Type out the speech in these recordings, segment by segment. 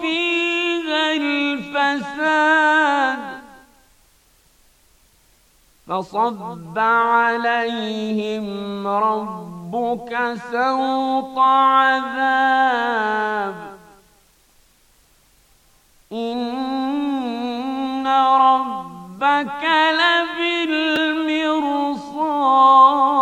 فيها الفساد فصب عليهم ربك سوط عذاب إن ربك لبالمرصاد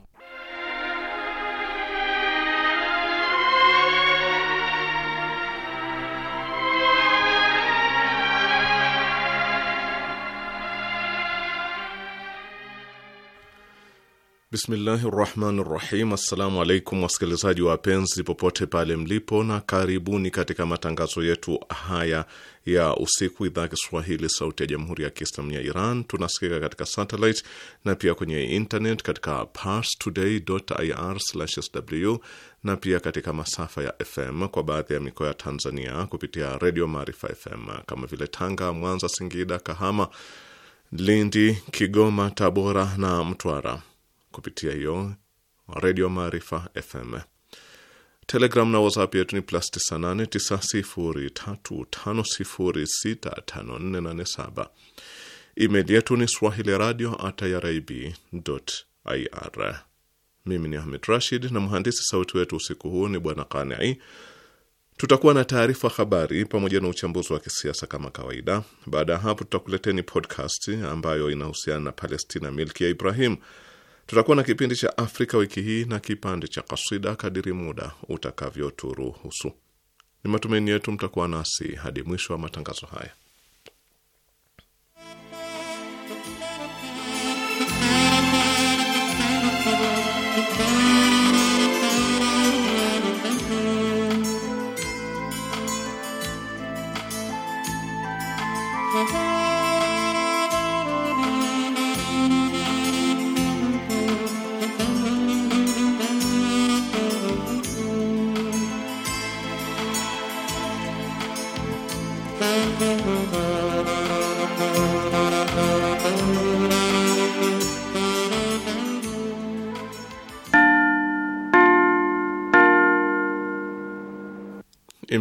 Bismillahi rahmani rahim. Assalamu alaikum wasikilizaji wapenzi popote pale mlipo, na karibuni katika matangazo yetu haya ya usiku, idhaa Kiswahili sauti ya jamhuri ya Kiislamu ya Iran. Tunasikika katika satellite na pia kwenye internet katika parstoday.ir/sw na pia katika masafa ya FM kwa baadhi ya mikoa ya Tanzania kupitia redio Maarifa FM kama vile Tanga, Mwanza, Singida, Kahama, Lindi, Kigoma, Tabora na Mtwara kupitia hiyo redio Maarifa FM. Telegram na WhatsApp yetu ni plus 989035065487. Email yetu ni swahili radio at irib ir. Mimi ni Ahmed Rashid na mhandisi sauti wetu usiku huu ni Bwana Kanei. Tutakuwa na taarifa habari pamoja na uchambuzi wa kisiasa kama kawaida. Baada ya hapo, tutakuleteni podcast ambayo inahusiana na Palestina, milki ya Ibrahim. Tutakuwa na kipindi cha Afrika wiki hii na kipande cha kasida kadiri muda utakavyoturuhusu. Ni matumaini yetu mtakuwa nasi hadi mwisho wa matangazo haya.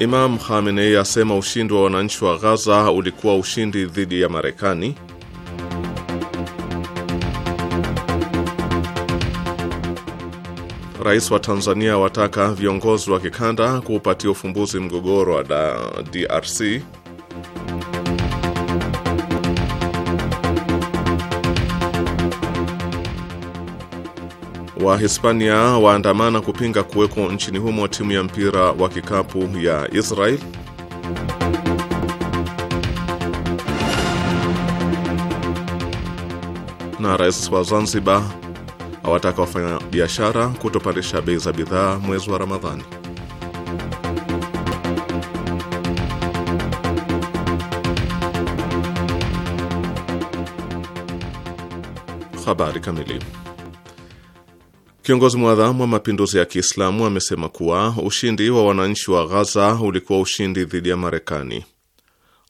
Imam Khamenei asema ushindi wa wananchi wa Ghaza ulikuwa ushindi dhidi ya Marekani. Rais wa Tanzania wataka viongozi wa kikanda kuupatia ufumbuzi mgogoro wa DRC. wa Hispania waandamana kupinga kuweko nchini humo timu ya mpira wa kikapu ya Israel. Na rais wa Zanzibar awataka wafanya biashara kutopandisha bei za bidhaa mwezi wa Ramadhani. Habari kamili Kiongozi mwadhamu wa mapinduzi ya Kiislamu amesema kuwa ushindi wa wananchi wa Ghaza ulikuwa ushindi dhidi ya Marekani.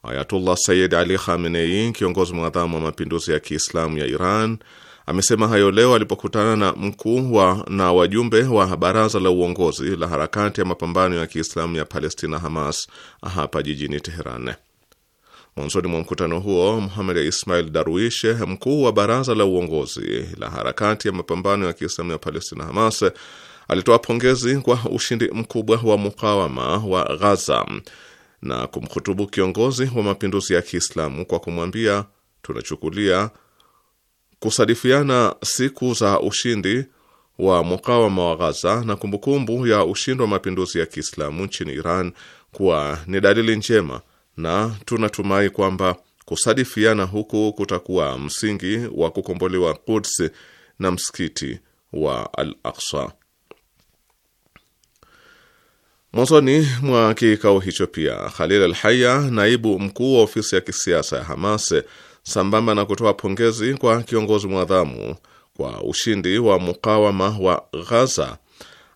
Ayatullah Sayyid Ali Khamenei, kiongozi mwadhamu wa mapinduzi ya Kiislamu ya Iran, amesema hayo leo alipokutana na mkuu wa na wajumbe wa baraza la uongozi la harakati ya mapambano ya Kiislamu ya Palestina, Hamas, hapa jijini Teheran. Mwanzoni mwa mkutano huo, Muhamed Ismail Darwish, mkuu wa baraza la uongozi la harakati ya mapambano ya Kiislamu ya Palestina, Hamas, alitoa pongezi kwa ushindi mkubwa wa mukawama wa Ghaza na kumhutubu kiongozi wa mapinduzi ya Kiislamu kwa kumwambia, tunachukulia kusadifiana siku za ushindi wa mukawama wa Ghaza na kumbukumbu ya ushindi wa mapinduzi ya Kiislamu nchini Iran kuwa ni dalili njema na tunatumai kwamba kusadifiana huku kutakuwa msingi wa kukombolewa Quds na msikiti wa Al-Aqsa. Mwanzoni mwa kikao hicho pia Khalil Al-Haya, naibu mkuu wa ofisi ya kisiasa ya Hamas, sambamba na kutoa pongezi kwa kiongozi mwadhamu kwa ushindi wa mukawama wa Ghaza,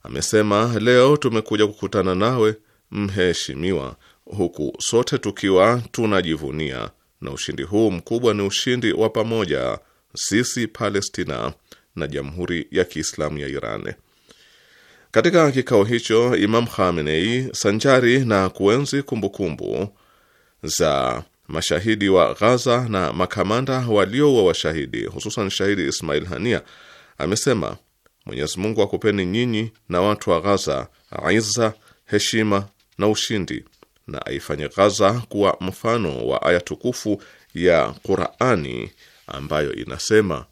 amesema leo tumekuja kukutana nawe mheshimiwa huku sote tukiwa tunajivunia, na ushindi huu mkubwa ni ushindi wa pamoja sisi Palestina na Jamhuri ya Kiislamu ya Iran. Katika kikao hicho, Imam Khamenei, sanjari na kuenzi kumbukumbu za mashahidi wa Ghaza na makamanda walioua washahidi, hususan shahidi Ismail Hania, amesema Mwenyezi Mungu akupeni nyinyi na watu wa Ghaza iza heshima na ushindi na aifanye Ghaza kuwa mfano wa aya tukufu ya Qurani ambayo inasema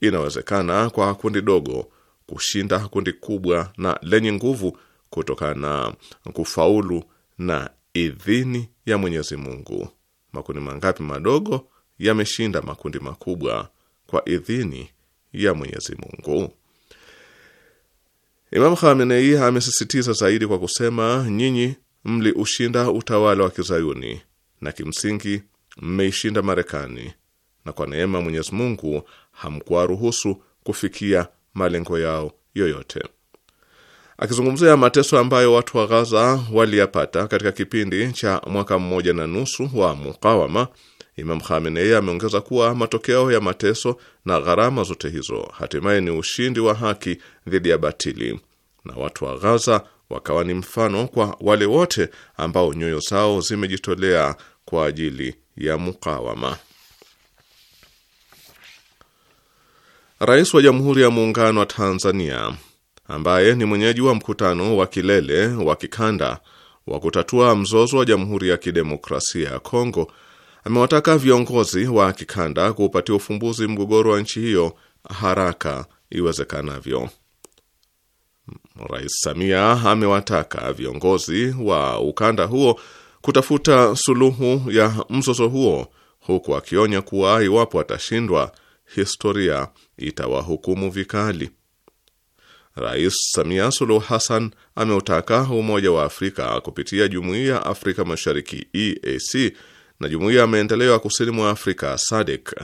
inawezekana kwa kundi dogo kushinda kundi kubwa na lenye nguvu kutokana na kufaulu na idhini ya Mwenyezi Mungu. Makundi mangapi madogo yameshinda makundi makubwa kwa idhini ya Mwenyezi Mungu. Imam Khamenei amesisitiza zaidi kwa kusema, nyinyi mliushinda utawala wa kizayuni na kimsingi mmeishinda Marekani, na kwa neema Mwenyezi Mungu hamkuwaruhusu kufikia malengo yao yoyote. Akizungumzia mateso ambayo watu wa Ghaza waliyapata katika kipindi cha mwaka mmoja na nusu wa mukawama, Imam Khamenei ameongeza kuwa matokeo ya mateso na gharama zote hizo hatimaye ni ushindi wa haki dhidi ya batili, na watu wa Ghaza wakawa ni mfano kwa wale wote ambao nyoyo zao zimejitolea kwa ajili ya mukawama. Rais wa Jamhuri ya Muungano wa Tanzania ambaye ni mwenyeji wa mkutano wa kilele wa kikanda wa kutatua mzozo wa Jamhuri ya Kidemokrasia ya Kongo amewataka viongozi wa kikanda kuupatia ufumbuzi mgogoro wa nchi hiyo haraka iwezekanavyo. Rais Samia amewataka viongozi wa ukanda huo kutafuta suluhu ya mzozo huo, huku akionya kuwa iwapo atashindwa, historia itawahukumu vikali. Rais Samia Suluhu Hassan ameutaka Umoja wa Afrika kupitia Jumuiya ya Afrika Mashariki EAC na Jumuiya ya Maendeleo ya Kusini mwa Afrika SADC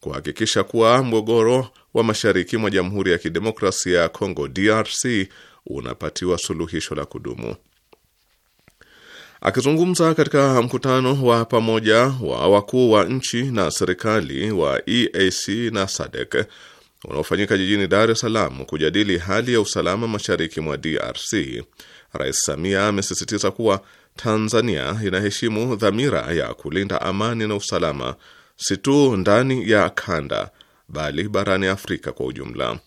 kuhakikisha kuwa mgogoro wa mashariki mwa Jamhuri ya Kidemokrasia ya Kongo DRC unapatiwa suluhisho la kudumu. Akizungumza katika mkutano wa pamoja wa wakuu wa nchi na serikali wa EAC na SADC e unaofanyika jijini Dar es Salaam kujadili hali ya usalama mashariki mwa DRC, Rais Samia amesisitiza kuwa Tanzania inaheshimu dhamira ya kulinda amani na usalama si tu ndani ya kanda bali barani Afrika kwa ujumla.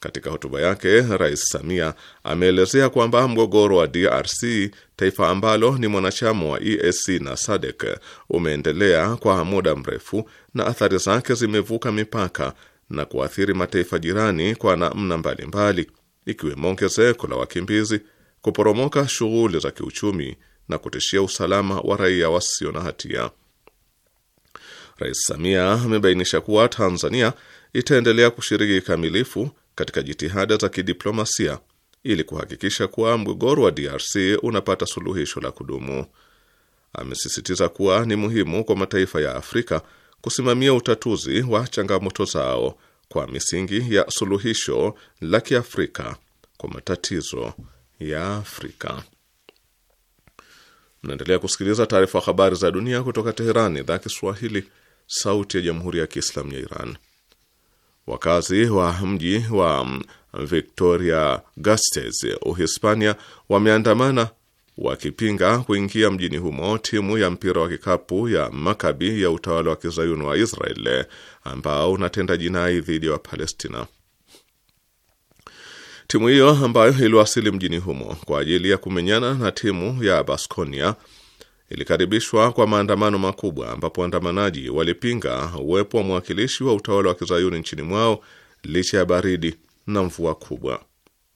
Katika hotuba yake, Rais Samia ameelezea kwamba mgogoro wa DRC, taifa ambalo ni mwanachama wa EAC na SADC, umeendelea kwa muda mrefu na athari zake zimevuka mipaka na kuathiri mataifa jirani kwa namna mbalimbali, ikiwemo ongezeko la wakimbizi, kuporomoka shughuli za kiuchumi na kutishia usalama wa raia wasio na hatia. Rais Samia amebainisha kuwa Tanzania itaendelea kushiriki kikamilifu katika jitihada za kidiplomasia ili kuhakikisha kuwa mgogoro wa DRC unapata suluhisho la kudumu. Amesisitiza kuwa ni muhimu kwa mataifa ya Afrika kusimamia utatuzi wa changamoto zao kwa misingi ya suluhisho la Kiafrika kwa matatizo ya Afrika. Mnaendelea kusikiliza taarifa habari za dunia kutoka Teherani, idhaa Kiswahili, sauti ya jamhuri ya kiislamu ya Iran. Wakazi wa mji wa um, Victoria Gasteiz, Uhispania, wameandamana wakipinga kuingia mjini humo timu ya mpira wa kikapu ya Makabi ya utawala wa kizayuni wa Israel ambao unatenda jinai dhidi ya wa Palestina. Timu hiyo ambayo iliwasili mjini humo kwa ajili ya kumenyana na timu ya Baskonia ilikaribishwa kwa maandamano makubwa, ambapo waandamanaji walipinga uwepo wa mwakilishi wa utawala wa kizayuni nchini mwao licha ya baridi na mvua kubwa.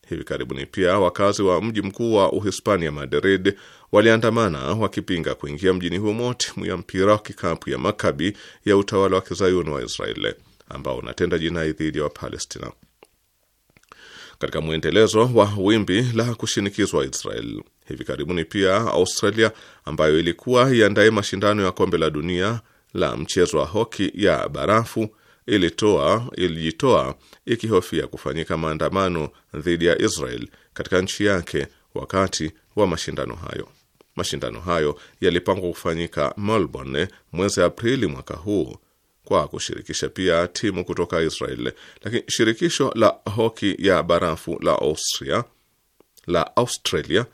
Hivi karibuni pia wakazi wa mji mkuu wa Uhispania, Madrid, waliandamana wakipinga kuingia mjini humo timu ya mpira wa kikapu ya Makabi ya utawala wa kizayuni wa Israeli ambao unatenda jinai dhidi ya Wapalestina katika mwendelezo wa wimbi la kushinikizwa Israeli. Hivi karibuni pia Australia ambayo ilikuwa iandaye mashindano ya kombe la dunia la mchezo wa hoki ya barafu ilitoa ilijitoa ikihofia kufanyika maandamano dhidi ya Israel katika nchi yake wakati wa mashindano hayo. Mashindano hayo yalipangwa kufanyika Melbourne mwezi Aprili mwaka huu kwa kushirikisha pia timu kutoka Israel, lakini shirikisho la hoki ya barafu la Austria la Australia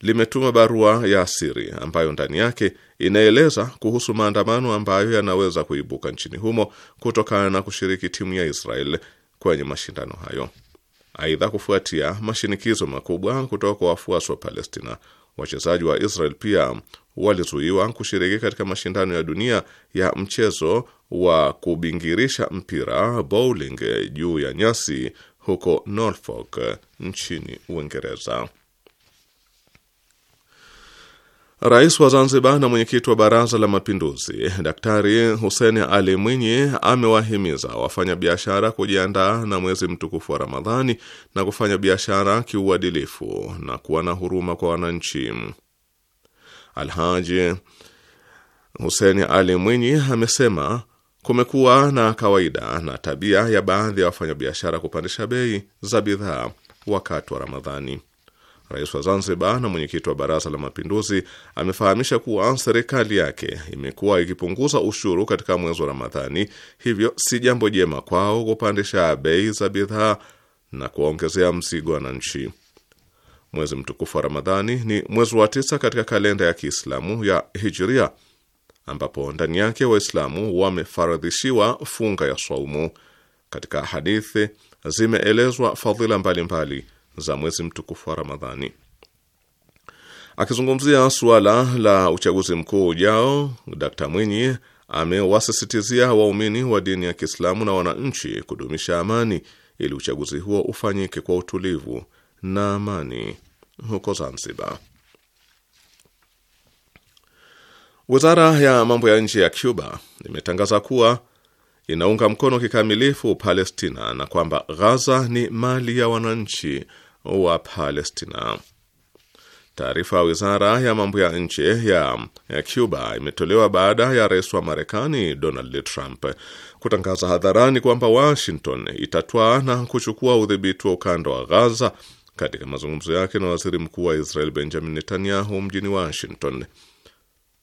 limetuma barua ya siri ambayo ndani yake inaeleza kuhusu maandamano ambayo yanaweza kuibuka nchini humo kutokana na kushiriki timu ya Israel kwenye mashindano hayo. Aidha, kufuatia mashinikizo makubwa kutoka kwa wafuasi wa Palestina, wachezaji wa Israel pia walizuiwa kushiriki katika mashindano ya dunia ya mchezo wa kubingirisha mpira bowling juu ya nyasi huko Norfolk nchini Uingereza. Rais wa Zanzibar na mwenyekiti wa Baraza la Mapinduzi Daktari Hussein Ali Mwinyi amewahimiza wafanyabiashara kujiandaa na mwezi mtukufu wa Ramadhani na kufanya biashara kiuadilifu na kuwa na huruma kwa wananchi. Alhaji Hussein Ali Mwinyi amesema kumekuwa na kawaida na tabia ya baadhi ya wafanyabiashara kupandisha bei za bidhaa wakati wa Ramadhani. Rais wa Zanzibar na mwenyekiti wa Baraza la Mapinduzi amefahamisha kuwa serikali yake imekuwa ikipunguza ushuru katika mwezi wa Ramadhani, hivyo si jambo jema kwao kupandisha bei za bidhaa na kuwaongezea mzigo wananchi. Mwezi mtukufu wa Ramadhani ni mwezi wa tisa katika kalenda ya Kiislamu ya Hijiria, ambapo ndani yake Waislamu wamefaradhishiwa funga ya swaumu. Katika hadithi zimeelezwa fadhila mbalimbali mbali za mwezi mtukufu wa Ramadhani. Akizungumzia suala la uchaguzi mkuu ujao, Dkt Mwinyi amewasisitizia waumini wa dini ya Kiislamu na wananchi kudumisha amani ili uchaguzi huo ufanyike kwa utulivu na amani huko Zanzibar. Wizara ya mambo ya nje ya Cuba imetangaza kuwa inaunga mkono kikamilifu Palestina na kwamba Gaza ni mali ya wananchi wa Palestina. Taarifa ya wizara ya mambo ya nje ya Cuba imetolewa baada ya rais wa Marekani Donald Trump kutangaza hadharani kwamba Washington itatwaa na kuchukua udhibiti wa ukanda wa Gaza katika mazungumzo yake na waziri mkuu wa Israel Benjamin Netanyahu mjini Washington.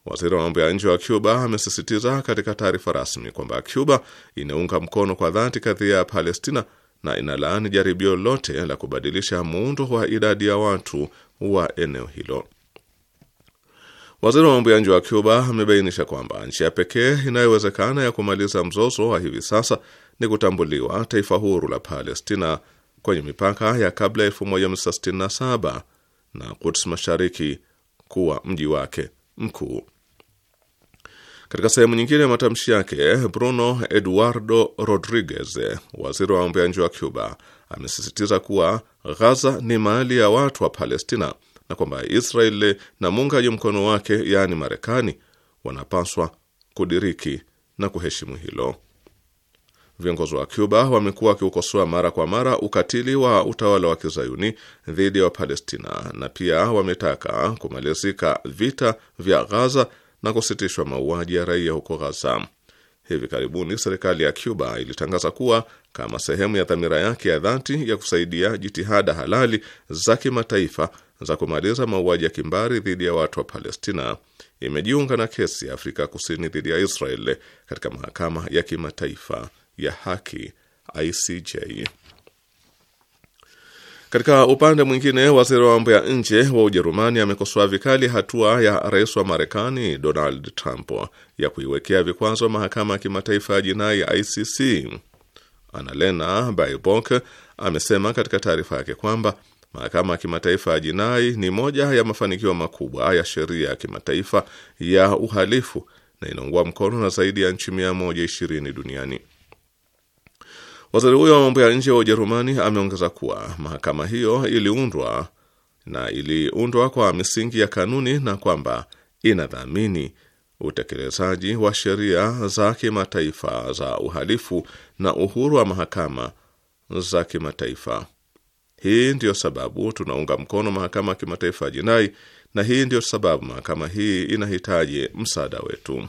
Waziri wa mambo ya nje wa Cuba amesisitiza katika taarifa rasmi kwamba Cuba inaunga mkono kwa dhati kadhia ya Palestina na inalaani jaribio lote la kubadilisha muundo wa idadi ya watu wa eneo hilo. Waziri wa mambo ya nje wa Cuba amebainisha kwamba njia pekee inayowezekana ya kumaliza mzozo wa hivi sasa ni kutambuliwa taifa huru la Palestina kwenye mipaka ya kabla 1967 na Quds Mashariki kuwa mji wake mkuu. Katika sehemu nyingine ya matamshi yake, Bruno Eduardo Rodriguez, waziri wa mambo ya nje wa Cuba, amesisitiza kuwa Ghaza ni mali ya watu wa Palestina na kwamba Israeli na muungaji mkono wake, yaani Marekani, wanapaswa kudiriki na kuheshimu hilo. Viongozi wa Cuba wamekuwa wakiukosoa mara kwa mara ukatili wa utawala wa kizayuni dhidi ya Wapalestina na pia wametaka kumalizika vita vya Ghaza na kusitishwa mauaji ya raia huko Ghaza. Hivi karibuni serikali ya Cuba ilitangaza kuwa kama sehemu ya dhamira yake ya dhati ya kusaidia jitihada halali za kimataifa za kumaliza mauaji ya kimbari dhidi ya watu wa Palestina imejiunga na kesi ya Afrika Kusini dhidi ya Israel katika mahakama ya kimataifa ya haki ICJ. Katika upande mwingine, waziri wa mambo ya nje wa Ujerumani amekosoa vikali hatua ya rais wa Marekani Donald Trump ya kuiwekea vikwazo mahakama ya kimataifa ya jinai ya ICC. Annalena Baerbock amesema katika taarifa yake kwamba mahakama ya kimataifa ya jinai ni moja ya mafanikio makubwa ya sheria ya kimataifa ya uhalifu na inaungwa mkono na zaidi ya nchi 120 duniani. Waziri huyo wa mambo ya nje wa Ujerumani ameongeza kuwa mahakama hiyo iliundwa na iliundwa kwa misingi ya kanuni na kwamba inadhamini utekelezaji wa sheria za kimataifa za uhalifu na uhuru wa mahakama za kimataifa. Hii ndiyo sababu tunaunga mkono mahakama ya kimataifa ya jinai, na hii ndiyo sababu mahakama hii inahitaji msaada wetu.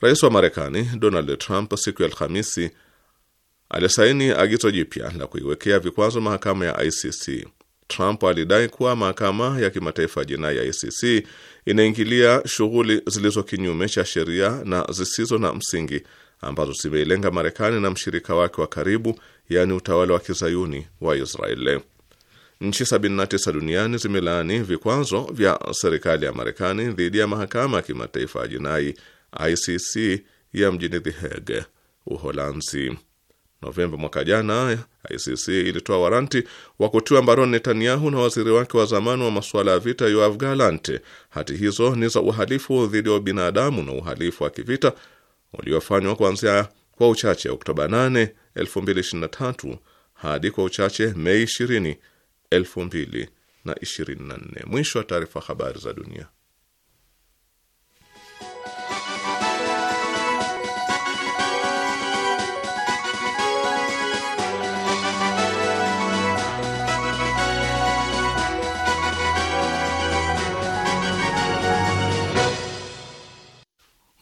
Rais wa Marekani Donald Trump siku ya Alhamisi alisaini agizo jipya la kuiwekea vikwazo mahakama ya ICC. Trump alidai kuwa mahakama ya kimataifa ya jinai ya ICC inaingilia shughuli zilizo kinyume cha sheria na zisizo na msingi ambazo zimeilenga Marekani na mshirika wake wa karibu, yaani utawala wa kizayuni wa Israeli. Nchi 79 duniani zimelaani vikwazo vya serikali ya Marekani dhidi ya mahakama ya kimataifa ya jinai ICC ya mjini The Hague, Uholanzi. Novemba mwaka jana, ICC ilitoa waranti wa kutiwa mbaroni Netanyahu na waziri wake wa zamani wa masuala ya vita Yoav Gallant. Hati hizo ni za uhalifu dhidi ya binadamu na uhalifu wa kivita uliofanywa kuanzia kwa uchache Oktoba 8, 2023 hadi kwa uchache Mei 20, 2024. Mwisho wa taarifa. Habari za dunia.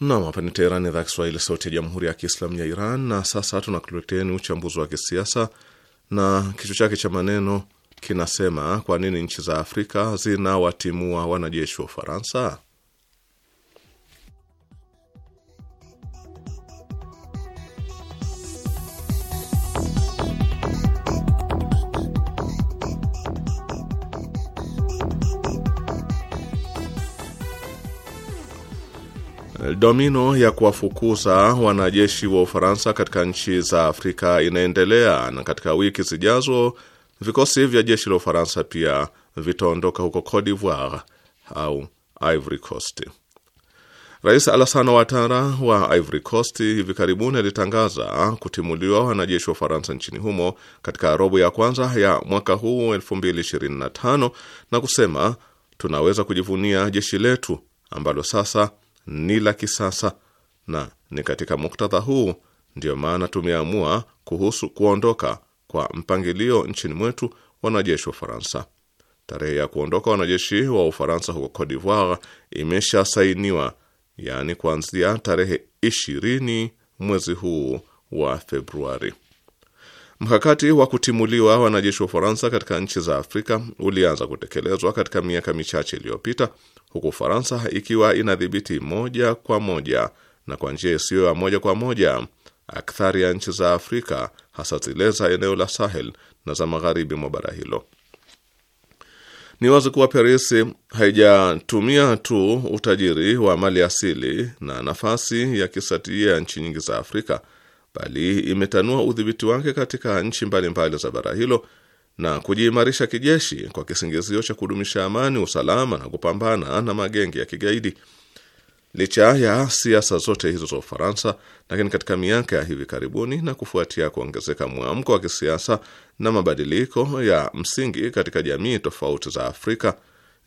Nam, hapa ni Teherani, idhaa Kiswahili, sauti ya jamhuri ya kiislamu ya Iran. Na sasa tunakuleteni uchambuzi wa kisiasa na kichwa chake cha maneno kinasema: kwa nini nchi za Afrika zinawatimua wanajeshi wa Ufaransa? Domino ya kuwafukuza wanajeshi wa Ufaransa katika nchi za Afrika inaendelea na katika wiki zijazo vikosi vya jeshi la Ufaransa pia vitaondoka huko Cote d'Ivoire au Ivory Coast. Rais Alassane Ouattara wa Ivory Coast hivi karibuni alitangaza kutimuliwa wanajeshi wa Ufaransa nchini humo katika robo ya kwanza ya mwaka huu 2025 na kusema tunaweza kujivunia jeshi letu ambalo sasa ni la kisasa, na ni katika muktadha huu ndiyo maana tumeamua kuhusu kuondoka kwa mpangilio nchini mwetu wanajeshi wa Ufaransa. Tarehe ya kuondoka wanajeshi wa Ufaransa huko Cote d'Ivoire imeshasainiwa, yaani kuanzia tarehe ishirini mwezi huu wa Februari. Mkakati wa kutimuliwa wanajeshi wa Ufaransa katika nchi za Afrika ulianza kutekelezwa katika miaka michache iliyopita, huku Ufaransa ikiwa inadhibiti moja kwa moja na kwa njia isiyo ya moja kwa moja akthari ya nchi za Afrika, hasa zile za eneo la Sahel na za magharibi mwa bara hilo. Ni wazi kuwa Paris haijatumia tu utajiri wa mali asili na nafasi ya kisatia ya nchi nyingi za Afrika bali imetanua udhibiti wake katika nchi mbalimbali za bara hilo na kujiimarisha kijeshi kwa kisingizio cha kudumisha amani, usalama na kupambana na magenge ya kigaidi. Licha ya siasa zote hizo za Ufaransa, lakini katika miaka ya hivi karibuni na kufuatia kuongezeka mwamko wa kisiasa na mabadiliko ya msingi katika jamii tofauti za Afrika,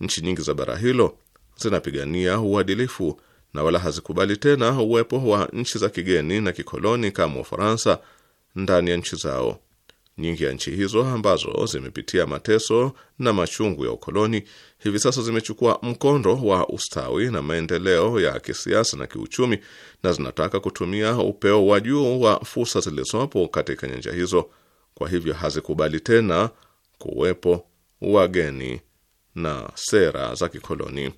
nchi nyingi za bara hilo zinapigania uadilifu na wala hazikubali tena uwepo wa nchi za kigeni na kikoloni kama Ufaransa ndani ya nchi zao. Nyingi ya nchi hizo ambazo zimepitia mateso na machungu ya ukoloni hivi sasa zimechukua mkondo wa ustawi na maendeleo ya kisiasa na kiuchumi, na zinataka kutumia upeo wa juu wa fursa zilizopo katika nyanja hizo. Kwa hivyo hazikubali tena kuwepo wageni na sera za kikoloni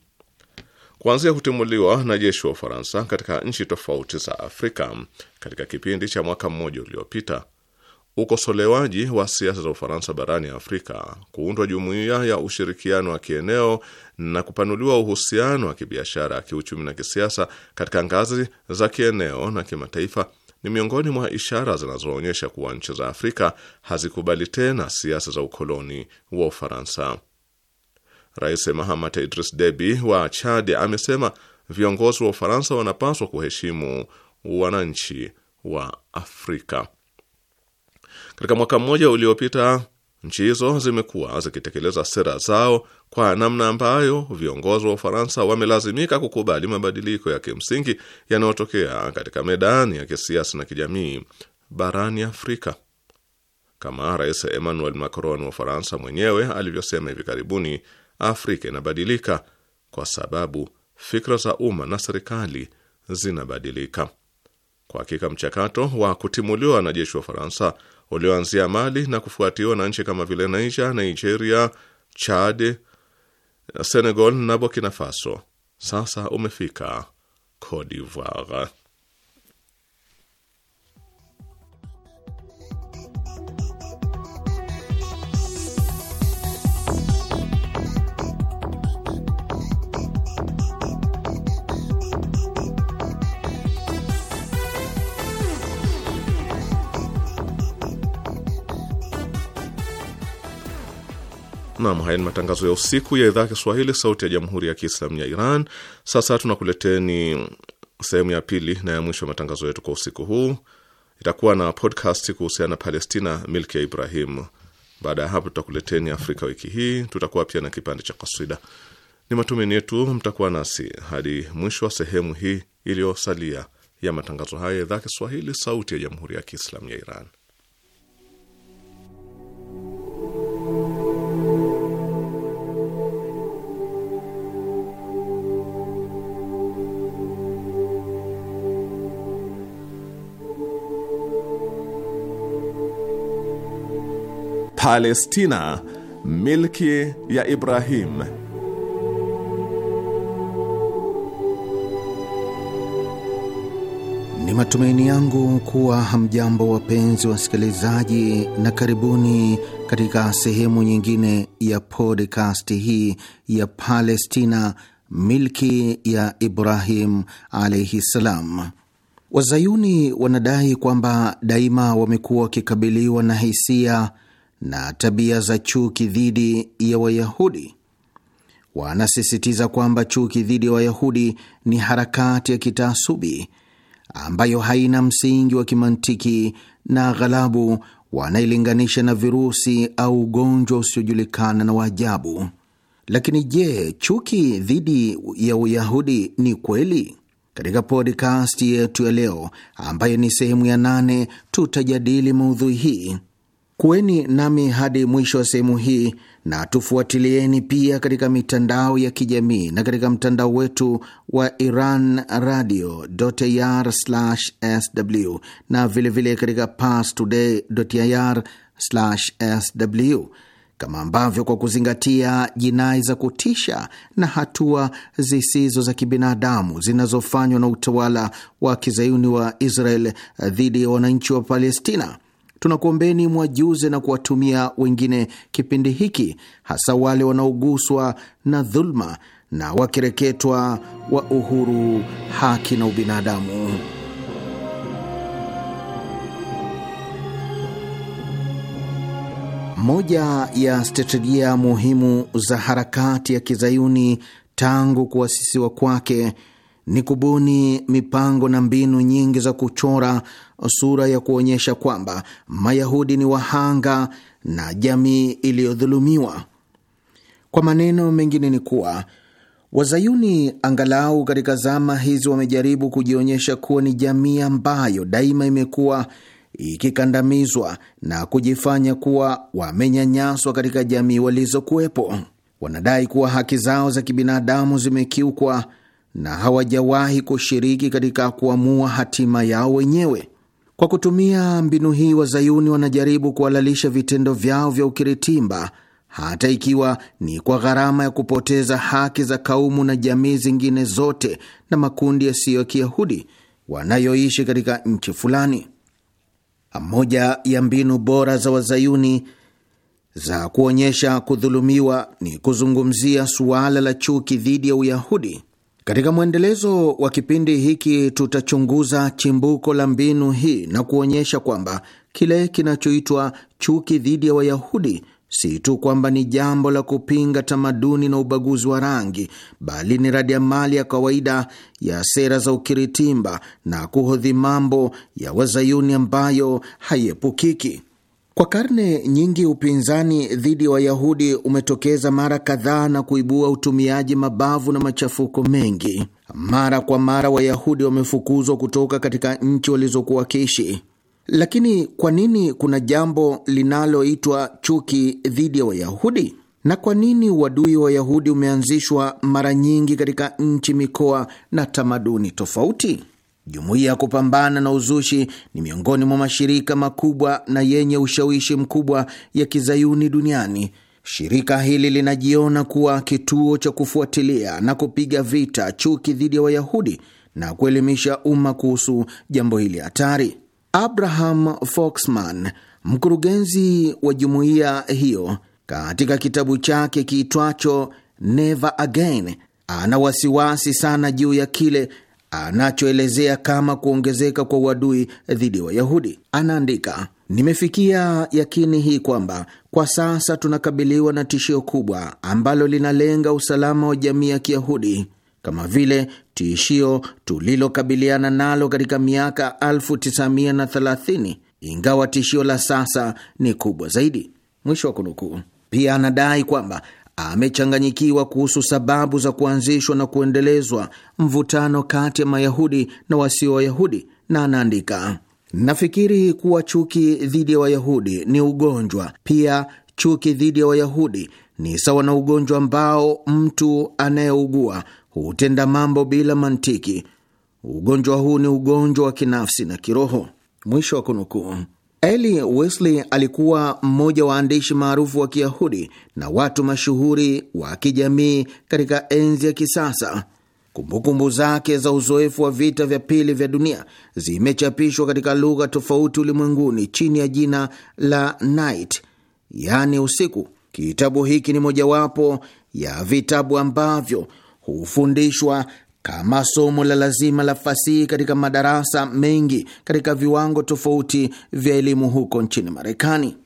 kuanzia kutimuliwa na jeshi wa Ufaransa katika nchi tofauti za Afrika katika kipindi cha mwaka mmoja uliopita, ukosolewaji wa siasa za Ufaransa barani Afrika, kuundwa jumuiya ya ushirikiano wa kieneo na kupanuliwa uhusiano wa kibiashara, kiuchumi na kisiasa katika ngazi za kieneo na kimataifa ni miongoni mwa ishara zinazoonyesha kuwa nchi za Afrika hazikubali tena siasa za ukoloni wa Ufaransa. Rais Mahamat Idris Deby wa Chad amesema viongozi wa Ufaransa wanapaswa kuheshimu wananchi wa Afrika. Katika mwaka mmoja uliopita, nchi hizo zimekuwa zikitekeleza sera zao kwa namna ambayo viongozi wa Ufaransa wamelazimika kukubali mabadiliko ya kimsingi yanayotokea katika medani ya kisiasa na kijamii barani Afrika, kama Rais Emmanuel Macron wa Ufaransa mwenyewe alivyosema hivi karibuni Afrika inabadilika kwa sababu fikra za umma na serikali zinabadilika. Kwa hakika mchakato wa kutimuliwa wanajeshi wa Ufaransa ulioanzia Mali na kufuatiwa na nchi kama vile Niger, Nigeria, Chad, Senegal na Burkina Faso sasa umefika Cote d'Ivoire. Naam, haya ni matangazo ya usiku ya idhaa ya Kiswahili, sauti ya jamhuri ya kiislamu ya Iran. Sasa tunakuleteni sehemu ya pili na ya mwisho ya matangazo yetu kwa usiku huu. Itakuwa na podcast kuhusiana na Palestina, milki ya Ibrahimu. Baada ya hapo, tutakuleteni Afrika wiki hii, tutakuwa pia na kipande cha kaswida. Ni matumaini yetu mtakuwa nasi hadi mwisho wa sehemu hii iliyosalia ya matangazo haya ya idhaa ya Kiswahili, sauti ya jamhuri ya kiislamu ya Iran. Palestina, milki ya Ibrahim. Ni matumaini yangu kuwa hamjambo wapenzi wasikilizaji, na karibuni katika sehemu nyingine ya podcast hii ya Palestina, milki ya Ibrahim alaihi ssalam. Wazayuni wanadai kwamba daima wamekuwa wakikabiliwa na hisia na tabia za chuki dhidi ya Wayahudi. Wanasisitiza kwamba chuki dhidi ya Wayahudi ni harakati ya kitaasubi ambayo haina msingi wa kimantiki na ghalabu wanailinganisha na virusi au ugonjwa usiojulikana na waajabu. Lakini je, chuki dhidi ya Uyahudi ni kweli? Katika podcast yetu ya leo ambayo ni sehemu ya nane, tutajadili maudhui hii. Kuweni nami hadi mwisho wa sehemu hii na tufuatilieni pia katika mitandao ya kijamii na katika mtandao wetu wa Iran Radio ir sw na vilevile vile katika Pars Today ir sw, kama ambavyo kwa kuzingatia jinai za kutisha na hatua zisizo za kibinadamu zinazofanywa na utawala wa kizayuni wa Israel dhidi ya wananchi wa Palestina Tunakuombeni mwajuze na kuwatumia wengine kipindi hiki, hasa wale wanaoguswa na dhuluma na wakireketwa wa uhuru, haki na ubinadamu. Moja ya strategia muhimu za harakati ya kizayuni tangu kuasisiwa kwake ni kubuni mipango na mbinu nyingi za kuchora sura ya kuonyesha kwamba Mayahudi ni wahanga na jamii iliyodhulumiwa. Kwa maneno mengine ni kuwa Wazayuni angalau katika zama hizi wamejaribu kujionyesha kuwa ni jamii ambayo daima imekuwa ikikandamizwa na kujifanya kuwa wamenyanyaswa katika jamii walizokuwepo. Wanadai kuwa haki zao za kibinadamu zimekiukwa na hawajawahi kushiriki katika kuamua hatima yao wenyewe. Kwa kutumia mbinu hii, wazayuni wanajaribu kuhalalisha vitendo vyao vya ukiritimba, hata ikiwa ni kwa gharama ya kupoteza haki za kaumu na jamii zingine zote na makundi yasiyo ya Kiyahudi wanayoishi katika nchi fulani. Moja ya mbinu bora za wazayuni za kuonyesha kudhulumiwa ni kuzungumzia suala la chuki dhidi ya Uyahudi. Katika mwendelezo wa kipindi hiki tutachunguza chimbuko la mbinu hii na kuonyesha kwamba kile kinachoitwa chuki dhidi ya Wayahudi si tu kwamba ni jambo la kupinga tamaduni na ubaguzi wa rangi, bali ni radiamali ya kawaida ya sera za ukiritimba na kuhodhi mambo ya Wazayuni ambayo haiepukiki. Kwa karne nyingi upinzani dhidi ya Wayahudi umetokeza mara kadhaa na kuibua utumiaji mabavu na machafuko mengi. Mara kwa mara Wayahudi wamefukuzwa kutoka katika nchi walizokuwa wakiishi. Lakini kwa nini kuna jambo linaloitwa chuki dhidi ya Wayahudi? Na kwa nini uadui wa Wayahudi umeanzishwa mara nyingi katika nchi, mikoa na tamaduni tofauti? Jumuiya ya kupambana na uzushi ni miongoni mwa mashirika makubwa na yenye ushawishi mkubwa ya kizayuni duniani. Shirika hili linajiona kuwa kituo cha kufuatilia na kupiga vita chuki dhidi ya Wayahudi na kuelimisha umma kuhusu jambo hili hatari. Abraham Foxman, mkurugenzi wa jumuiya hiyo, katika kitabu chake kiitwacho Never Again, ana wasiwasi sana juu ya kile anachoelezea kama kuongezeka kwa uadui dhidi ya Wayahudi. Anaandika, nimefikia yakini hii kwamba kwa sasa tunakabiliwa na tishio kubwa ambalo linalenga usalama wa jamii ya Kiyahudi kama vile tishio tulilokabiliana nalo katika miaka 1930 ingawa tishio la sasa ni kubwa zaidi. Mwisho wa kunukuu. Pia anadai kwamba amechanganyikiwa kuhusu sababu za kuanzishwa na kuendelezwa mvutano kati ya Mayahudi na wasio Wayahudi, na anaandika, nafikiri kuwa chuki dhidi ya Wayahudi ni ugonjwa. Pia chuki dhidi ya Wayahudi ni sawa na ugonjwa ambao mtu anayeugua hutenda mambo bila mantiki. Ugonjwa huu ni ugonjwa wa kinafsi na kiroho. Mwisho wa kunukuu. Eli Wesley alikuwa mmoja wa waandishi maarufu wa Kiyahudi na watu mashuhuri wa kijamii katika enzi ya kisasa. Kumbukumbu zake za uzoefu wa vita vya pili vya dunia zimechapishwa katika lugha tofauti ulimwenguni chini ya jina la Night, yaani usiku. Kitabu hiki ni mojawapo ya vitabu ambavyo hufundishwa kama somo la lazima la fasihi katika madarasa mengi katika viwango tofauti vya elimu huko nchini Marekani.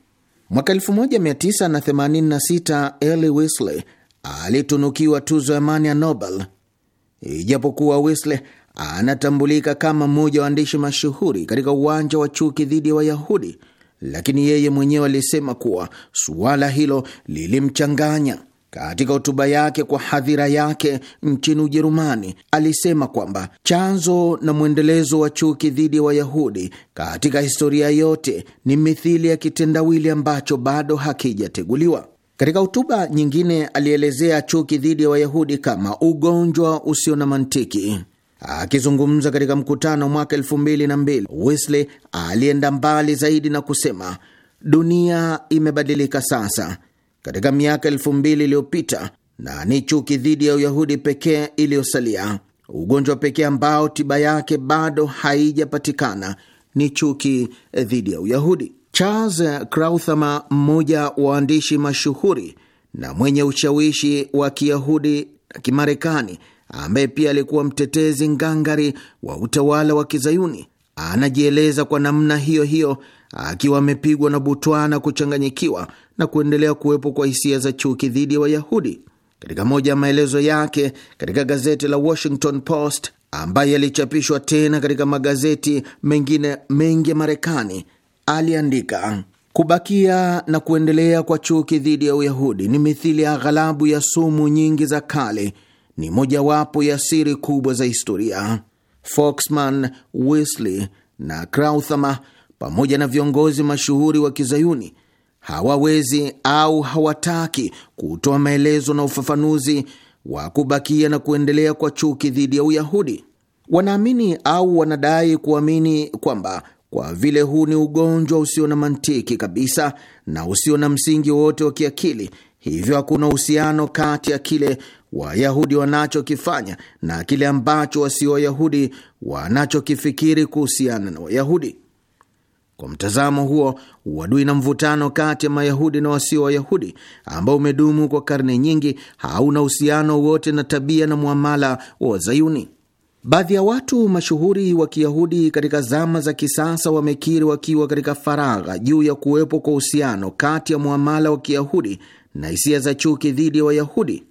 Mwaka 1986 Ellie Wesley alitunukiwa tuzo ya amani ya Nobel. Ijapokuwa Wesley anatambulika kama mmoja wa waandishi mashuhuri katika uwanja wa chuki dhidi ya wa Wayahudi, lakini yeye mwenyewe alisema kuwa suala hilo lilimchanganya katika hotuba yake kwa hadhira yake nchini Ujerumani alisema kwamba chanzo na mwendelezo wa chuki dhidi ya wa Wayahudi katika historia yote ni mithili ya kitendawili ambacho bado hakijateguliwa. Katika hotuba nyingine alielezea chuki dhidi ya wa Wayahudi kama ugonjwa usio na mantiki. Akizungumza katika mkutano mwaka elfu mbili na mbili, Wesley alienda mbali zaidi na kusema dunia imebadilika sasa katika miaka elfu mbili iliyopita na ni chuki dhidi ya Uyahudi pekee iliyosalia. Ugonjwa pekee ambao tiba yake bado haijapatikana ni chuki dhidi ya Uyahudi. Charles Krauthammer, mmoja wa waandishi mashuhuri na mwenye ushawishi wa Kiyahudi na Kimarekani, ambaye pia alikuwa mtetezi ngangari wa utawala wa Kizayuni, anajieleza kwa namna hiyo hiyo akiwa amepigwa na butwaa na kuchanganyikiwa na kuendelea kuwepo kwa hisia za chuki dhidi ya Wayahudi. Katika moja ya maelezo yake katika gazeti la Washington Post ambaye yalichapishwa tena katika magazeti mengine mengi ya Marekani, aliandika Kubakia na kuendelea kwa chuki dhidi ya Uyahudi ni mithili ya ghalabu ya sumu nyingi za kale, ni mojawapo ya siri kubwa za historia. Foxman, Wesley na Krauthammer pamoja na viongozi mashuhuri wa kizayuni hawawezi au hawataki kutoa maelezo na ufafanuzi wa kubakia na kuendelea kwa chuki dhidi ya Uyahudi. Wanaamini au wanadai kuamini kwamba kwa vile huu ni ugonjwa usio na mantiki kabisa na usio na msingi wowote wa kiakili, hivyo hakuna uhusiano kati ya kile Wayahudi wanachokifanya na kile ambacho wasio Wayahudi wanachokifikiri kuhusiana na Wayahudi. Kwa mtazamo huo, uadui na mvutano kati ya Mayahudi na wasio Wayahudi ambao umedumu kwa karne nyingi hauna uhusiano wote na tabia na mwamala wa Wazayuni. Baadhi ya watu mashuhuri wa Kiyahudi katika zama za kisasa wamekiri wakiwa katika faragha juu ya kuwepo kwa uhusiano kati ya mwamala wa Kiyahudi na hisia za chuki dhidi ya Wayahudi.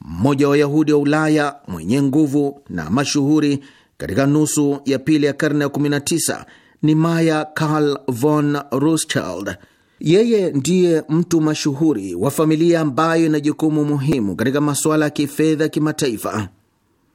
Mmoja wa Wayahudi wa Ulaya mwenye nguvu na mashuhuri katika nusu ya pili ya karne ya 19 ni Maya Karl von Rothschild. Yeye ndiye mtu mashuhuri wa familia ambayo ina jukumu muhimu katika masuala ya kifedha kimataifa.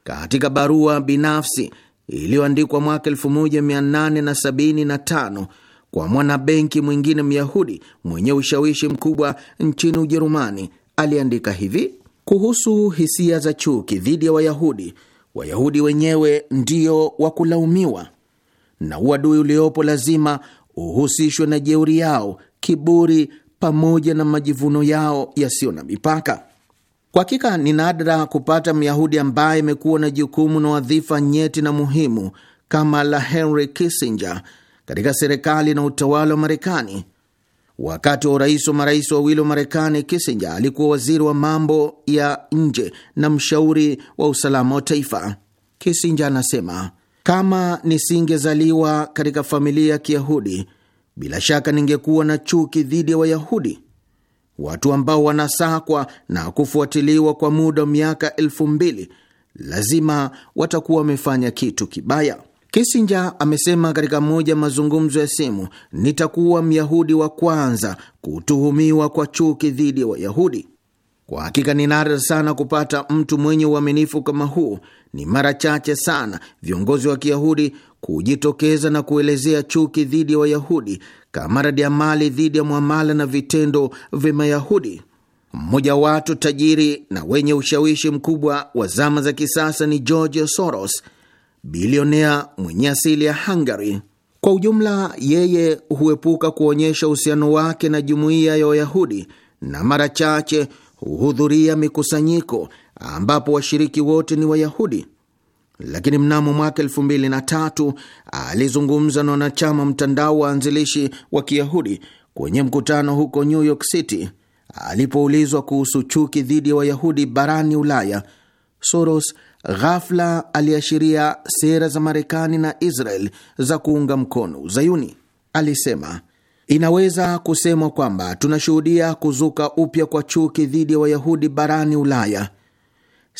Katika barua binafsi iliyoandikwa mwaka 1875 kwa mwanabenki mwingine Myahudi mwenye ushawishi mkubwa nchini Ujerumani, aliandika hivi kuhusu hisia za chuki dhidi ya Wayahudi: Wayahudi wenyewe ndio wa kulaumiwa na uadui uliopo lazima uhusishwe na jeuri yao, kiburi pamoja na majivuno yao yasiyo na mipaka. Kwa hakika ni nadra kupata Myahudi ambaye amekuwa na jukumu na wadhifa nyeti na muhimu kama la Henry Kissinger katika serikali na utawala wa Marekani. Wakati wa urais wa marais wawili wa Marekani, Kissinger alikuwa waziri wa mambo ya nje na mshauri wa usalama wa taifa. Kissinger anasema kama nisingezaliwa katika familia ya Kiyahudi, bila shaka ningekuwa na chuki dhidi ya Wayahudi, watu ambao wanasakwa na kufuatiliwa kwa muda wa miaka elfu mbili. Lazima watakuwa wamefanya kitu kibaya. kisinja amesema katika moja mazungumzo ya simu, nitakuwa myahudi wa kwanza kutuhumiwa kwa chuki dhidi ya Wayahudi. Kwa hakika ni nadra sana kupata mtu mwenye uaminifu kama huu, ni mara chache sana viongozi wa Kiyahudi kujitokeza na kuelezea chuki dhidi ya wa Wayahudi kama radi ya mali dhidi ya mwamala na vitendo vya Mayahudi. Mmoja wa watu tajiri na wenye ushawishi mkubwa wa zama za kisasa ni George Soros, bilionea mwenye asili ya Hungary. Kwa ujumla, yeye huepuka kuonyesha uhusiano wake na jumuiya ya Wayahudi na mara chache huhudhuria mikusanyiko ambapo washiriki wote ni Wayahudi. Lakini mnamo mwaka elfu mbili na tatu alizungumza na wanachama mtandao wa anzilishi wa Kiyahudi kwenye mkutano huko New York City. Alipoulizwa kuhusu chuki dhidi ya Wayahudi barani Ulaya, Soros ghafla aliashiria sera za Marekani na Israel za kuunga mkono Uzayuni. Alisema, inaweza kusemwa kwamba tunashuhudia kuzuka upya kwa chuki dhidi ya Wayahudi barani Ulaya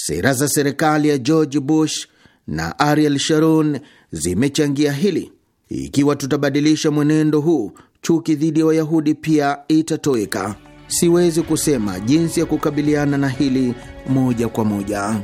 Sera za serikali ya George Bush na Ariel Sharon zimechangia hili. Ikiwa tutabadilisha mwenendo huu, chuki dhidi ya Wayahudi pia itatoweka. Siwezi kusema jinsi ya kukabiliana na hili moja kwa moja.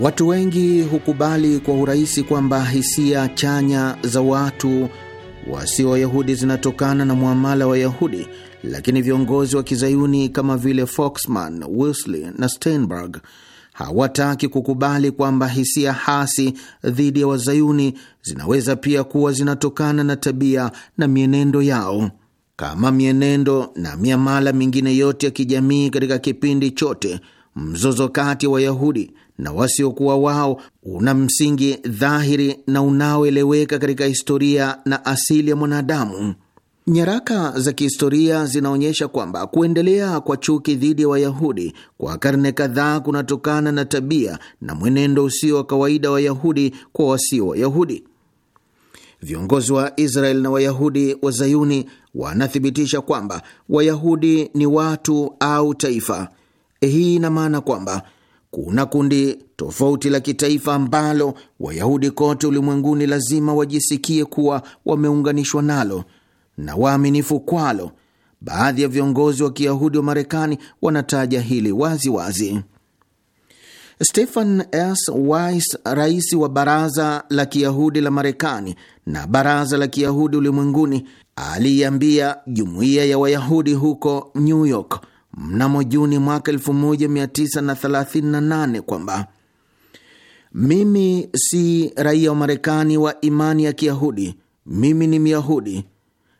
Watu wengi hukubali kwa urahisi kwamba hisia chanya za watu wasio Wayahudi zinatokana na mwamala wa Yahudi, lakini viongozi wa kizayuni kama vile Foxman, Wilsley na Steinberg hawataki kukubali kwamba hisia hasi dhidi ya wazayuni zinaweza pia kuwa zinatokana na tabia na mienendo yao. Kama mienendo na miamala mingine yote ya kijamii katika kipindi chote, mzozo kati ya Wayahudi na wasiokuwa wao una msingi dhahiri na unaoeleweka katika historia na asili ya mwanadamu. Nyaraka za kihistoria zinaonyesha kwamba kuendelea kwa chuki dhidi ya Wayahudi kwa karne kadhaa kunatokana na tabia na mwenendo usio wa kawaida wa Wayahudi kwa wasio Wayahudi. Viongozi wa israel na Wayahudi wa Zayuni wanathibitisha kwamba Wayahudi ni watu au taifa. Hii ina maana kwamba kuna kundi tofauti la kitaifa ambalo Wayahudi kote ulimwenguni lazima wajisikie kuwa wameunganishwa nalo na waaminifu kwalo. Baadhi ya viongozi wa Kiyahudi wa Marekani wanataja hili wazi wazi. Stephen S. Weiss, rais wa Baraza la Kiyahudi la Marekani na Baraza la Kiyahudi Ulimwenguni, aliiambia jumuiya ya Wayahudi huko New York mnamo Juni mwaka 1938 kwamba mimi si raia wa Marekani wa imani ya Kiyahudi, mimi ni Myahudi.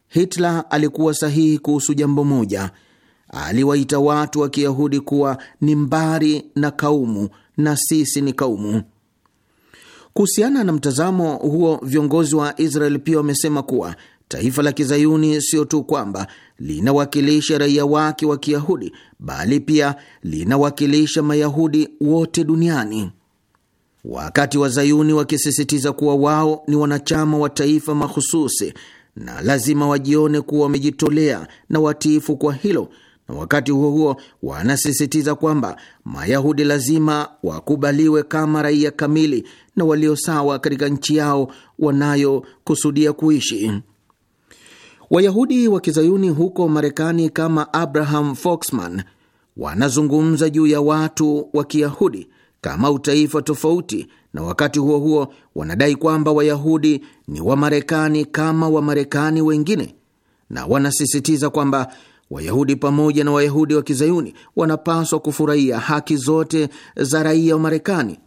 Hitler alikuwa sahihi kuhusu jambo moja, aliwaita watu wa Kiyahudi kuwa ni mbari na kaumu, na sisi ni kaumu. Kuhusiana na mtazamo huo, viongozi wa Israel pia wamesema kuwa Taifa la kizayuni sio tu kwamba linawakilisha raia wake wa Kiyahudi, bali pia linawakilisha Mayahudi wote duniani. Wakati wazayuni wakisisitiza kuwa wao ni wanachama wa taifa mahususi na lazima wajione kuwa wamejitolea na watiifu kwa hilo, na wakati huo huo wanasisitiza kwamba Mayahudi lazima wakubaliwe kama raia kamili na walio sawa katika nchi yao wanayokusudia kuishi. Wayahudi wa kizayuni huko Marekani kama Abraham Foxman wanazungumza juu ya watu wa kiyahudi kama utaifa tofauti, na wakati huo huo wanadai kwamba Wayahudi ni Wamarekani kama Wamarekani wengine, na wanasisitiza kwamba Wayahudi pamoja na Wayahudi wa kizayuni wanapaswa kufurahia haki zote za raia wa Marekani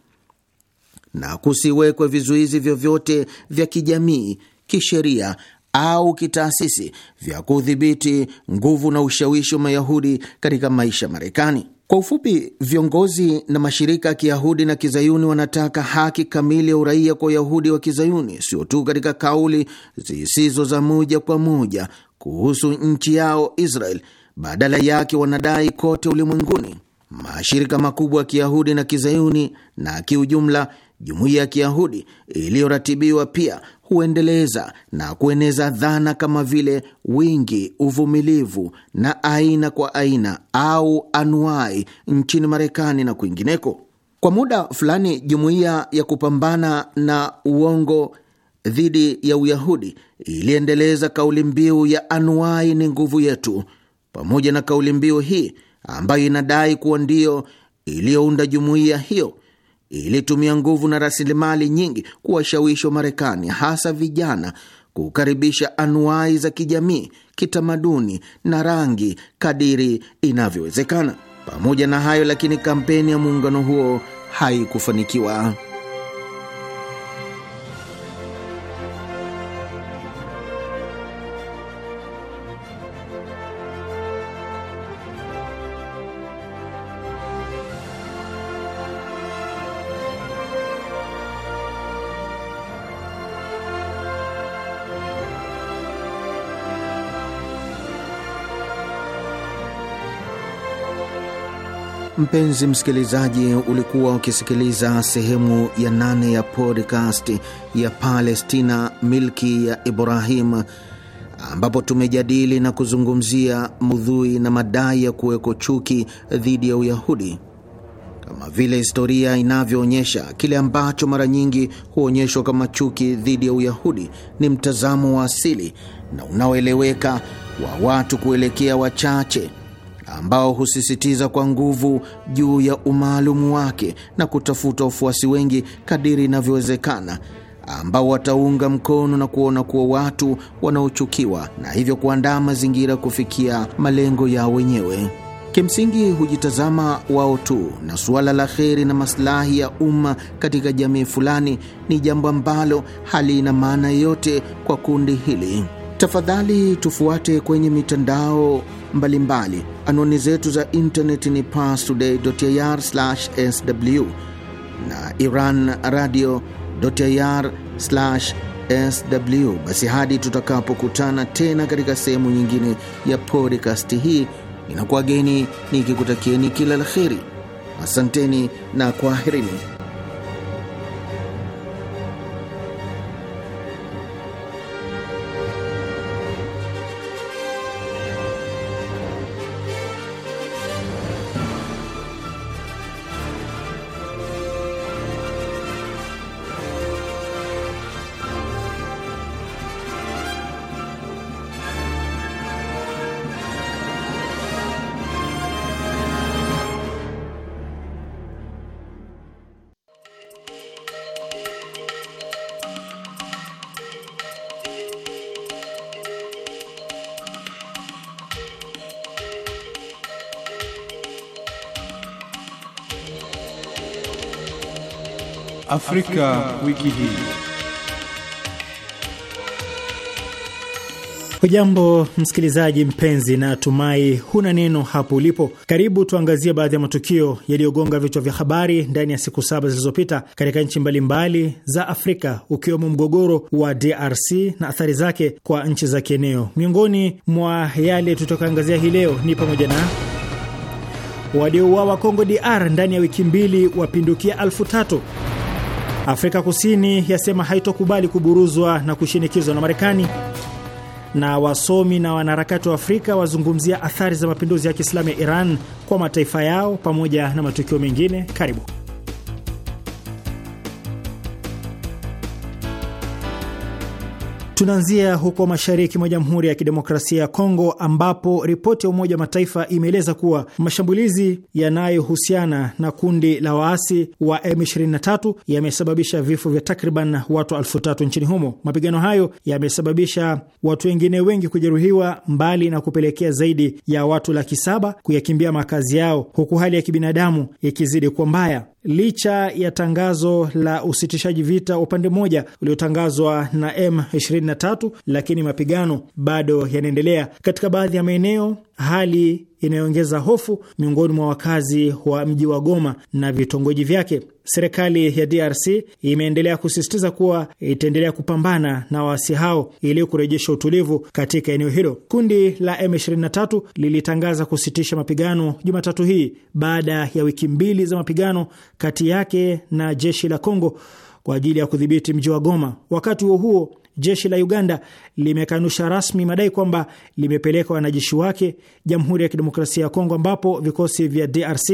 na kusiwekwe vizuizi vyovyote vya kijamii, kisheria au kitaasisi vya kudhibiti nguvu na ushawishi wa Mayahudi katika maisha ya Marekani. Kwa ufupi, viongozi na mashirika ya Kiyahudi na Kizayuni wanataka haki kamili ya uraia kwa Wayahudi wa Kizayuni, sio tu katika kauli zisizo za moja kwa moja kuhusu nchi yao Israel. Badala yake wanadai kote ulimwenguni mashirika makubwa ya Kiyahudi na Kizayuni na kiujumla Jumuiya ya Kiyahudi iliyoratibiwa pia huendeleza na kueneza dhana kama vile wingi, uvumilivu na aina kwa aina au anuai nchini Marekani na kwingineko. Kwa muda fulani, jumuiya ya kupambana na uongo dhidi ya Uyahudi iliendeleza kauli mbiu ya anuai ni nguvu yetu. Pamoja na kauli mbiu hii ambayo inadai kuwa ndiyo iliyounda jumuiya hiyo ilitumia nguvu na rasilimali nyingi kuwashawishi wa Marekani, hasa vijana, kukaribisha anuai za kijamii, kitamaduni na rangi kadiri inavyowezekana. Pamoja na hayo lakini, kampeni ya muungano huo haikufanikiwa. mpenzi msikilizaji, ulikuwa ukisikiliza sehemu ya nane ya podcast ya Palestina, milki ya Ibrahim, ambapo tumejadili na kuzungumzia mudhui na madai ya kuweko chuki dhidi ya Uyahudi kama vile historia inavyoonyesha. Kile ambacho mara nyingi huonyeshwa kama chuki dhidi ya Uyahudi ni mtazamo wa asili na unaoeleweka wa watu kuelekea wachache ambao husisitiza kwa nguvu juu ya umaalumu wake na kutafuta wafuasi wengi kadiri inavyowezekana ambao wataunga mkono na kuona kuwa watu wanaochukiwa na hivyo kuandaa mazingira kufikia malengo yao wenyewe. Kimsingi hujitazama wao tu, na suala la kheri na masilahi ya umma katika jamii fulani ni jambo ambalo halina maana yote kwa kundi hili. Tafadhali tufuate kwenye mitandao mbalimbali. Anwani zetu za intaneti ni parstoday.ir/sw na Iran radio sw Basi hadi tutakapokutana tena katika sehemu nyingine ya podcast hii, ninakuwa geni nikikutakieni kila la kheri. Asanteni na kwaherini. Afrika, wiki hii. Hujambo msikilizaji mpenzi, na tumai huna neno hapo ulipo. Karibu tuangazie baadhi ya matukio yaliyogonga vichwa vya habari ndani ya siku saba zilizopita katika nchi mbalimbali za Afrika, ukiwemo mgogoro wa DRC na athari zake kwa nchi za kieneo. Miongoni mwa yale tutakaangazia hii leo ni pamoja na waliouawa Kongo DR ndani ya wiki mbili wapindukia elfu tatu Afrika Kusini yasema haitokubali kuburuzwa na kushinikizwa na Marekani. Na wasomi na wanaharakati wa Afrika wazungumzia athari za mapinduzi ya Kiislamu ya Iran kwa mataifa yao, pamoja na matukio mengine. Karibu. Tunaanzia huko mashariki mwa Jamhuri ya Kidemokrasia ya Kongo, ambapo ripoti ya Umoja wa Mataifa imeeleza kuwa mashambulizi yanayohusiana na kundi la waasi wa M23 yamesababisha vifo vya takriban watu elfu tatu nchini humo. Mapigano hayo yamesababisha watu wengine wengi kujeruhiwa, mbali na kupelekea zaidi ya watu laki saba kuyakimbia makazi yao, huku hali ya kibinadamu ikizidi kuwa mbaya licha ya tangazo la usitishaji vita upande mmoja uliotangazwa na M23, lakini mapigano bado yanaendelea katika baadhi ya maeneo hali inayoongeza hofu miongoni mwa wakazi wa mji wa Goma na vitongoji vyake. Serikali ya DRC imeendelea kusisitiza kuwa itaendelea kupambana na waasi hao ili kurejesha utulivu katika eneo hilo. Kundi la M23 lilitangaza kusitisha mapigano Jumatatu hii baada ya wiki mbili za mapigano kati yake na jeshi la Kongo kwa ajili ya kudhibiti mji wa Goma. Wakati huo huo, jeshi la Uganda limekanusha rasmi madai kwamba limepeleka wanajeshi wake Jamhuri ya Kidemokrasia ya Kongo, ambapo vikosi vya DRC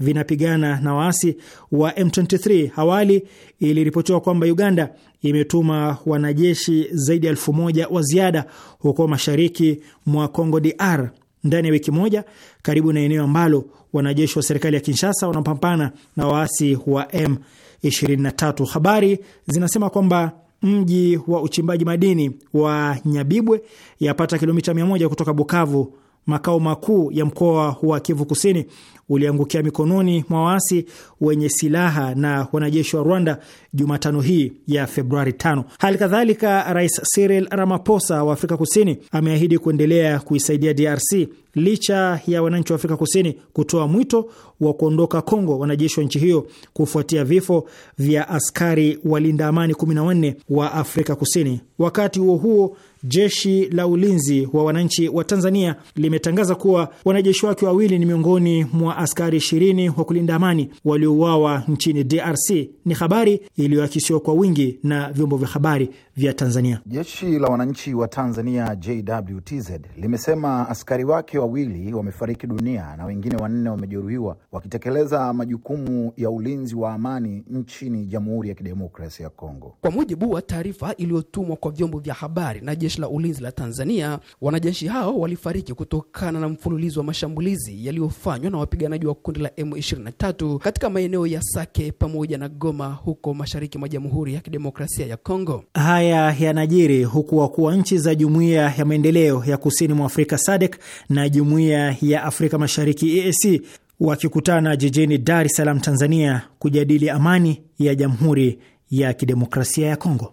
vinapigana na waasi wa M23. Awali iliripotiwa kwamba Uganda imetuma wanajeshi zaidi ya elfu moja wa ziada huko mashariki mwa congo DR ndani ya wiki moja, karibu na eneo ambalo wanajeshi wa serikali ya Kinshasa wanapambana na waasi wa M23. Habari zinasema kwamba mji wa uchimbaji madini wa Nyabibwe, yapata kilomita moja kutoka Bukavu, makao makuu ya mkoa wa Kivu Kusini, uliangukia mikononi mwa waasi wenye silaha na wanajeshi wa Rwanda Jumatano hii ya Februari 5. Hali kadhalika, Rais Cyril Ramaphosa wa Afrika Kusini ameahidi kuendelea kuisaidia DRC licha ya wananchi wa Afrika Kusini kutoa mwito wa kuondoka Kongo wanajeshi wa nchi hiyo kufuatia vifo vya askari walinda amani 14 wa Afrika Kusini. Wakati huo huo, jeshi la ulinzi wa wananchi wa Tanzania limetangaza kuwa wanajeshi wake wawili ni miongoni mwa askari 20 wa kulinda amani waliouawa nchini DRC ni habari iliyoakisiwa kwa wingi na vyombo vya habari vya Tanzania. Jeshi la wananchi wa Tanzania JWTZ limesema askari wake wawili wamefariki dunia na wengine wanne wamejeruhiwa wakitekeleza majukumu ya ulinzi wa amani nchini Jamhuri ya Kidemokrasia ya Kongo. Kwa mujibu wa taarifa iliyotumwa kwa vyombo vya habari na jeshi la ulinzi la Tanzania, wanajeshi hao walifariki kutokana na mfululizo wa mashambulizi yaliyofanywa na wapiga wapiganaji wa kundi la M23 katika maeneo ya Sake pamoja na Goma huko mashariki mwa Jamhuri ya Kidemokrasia ya Kongo. Haya yanajiri huku wakuu wa nchi za Jumuiya ya Maendeleo ya Kusini mwa Afrika SADC na Jumuiya ya Afrika Mashariki EAC wakikutana jijini Dar es Salaam, Tanzania kujadili amani ya Jamhuri ya Kidemokrasia ya Kongo.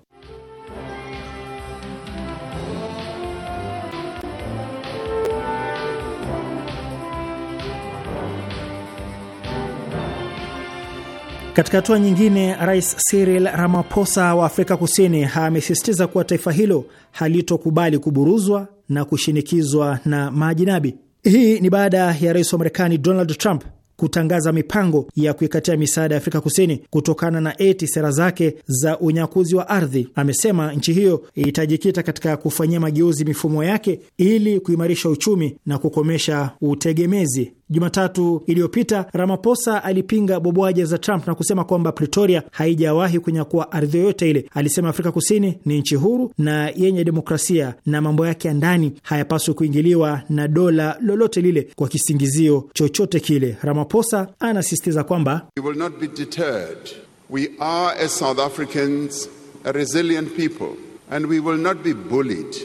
Katika hatua nyingine, Rais Cyril Ramaphosa wa Afrika Kusini amesisitiza kuwa taifa hilo halitokubali kuburuzwa na kushinikizwa na majinabi. Hii ni baada ya rais wa Marekani Donald Trump kutangaza mipango ya kuikatia misaada ya Afrika Kusini kutokana na eti sera zake za unyakuzi wa ardhi. Amesema nchi hiyo itajikita katika kufanyia mageuzi mifumo yake ili kuimarisha uchumi na kukomesha utegemezi Jumatatu iliyopita Ramaphosa alipinga boboaja za Trump na kusema kwamba Pretoria haijawahi kunyakua ardhi yoyote ile. Alisema Afrika Kusini ni nchi huru na yenye demokrasia na mambo yake ya ndani hayapaswi kuingiliwa na dola lolote lile kwa kisingizio chochote kile. Ramaphosa anasisitiza kwamba We will not be deterred. We are as South Africans a resilient people and we will not be bullied.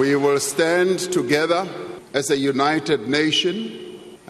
We will stand together as a united nation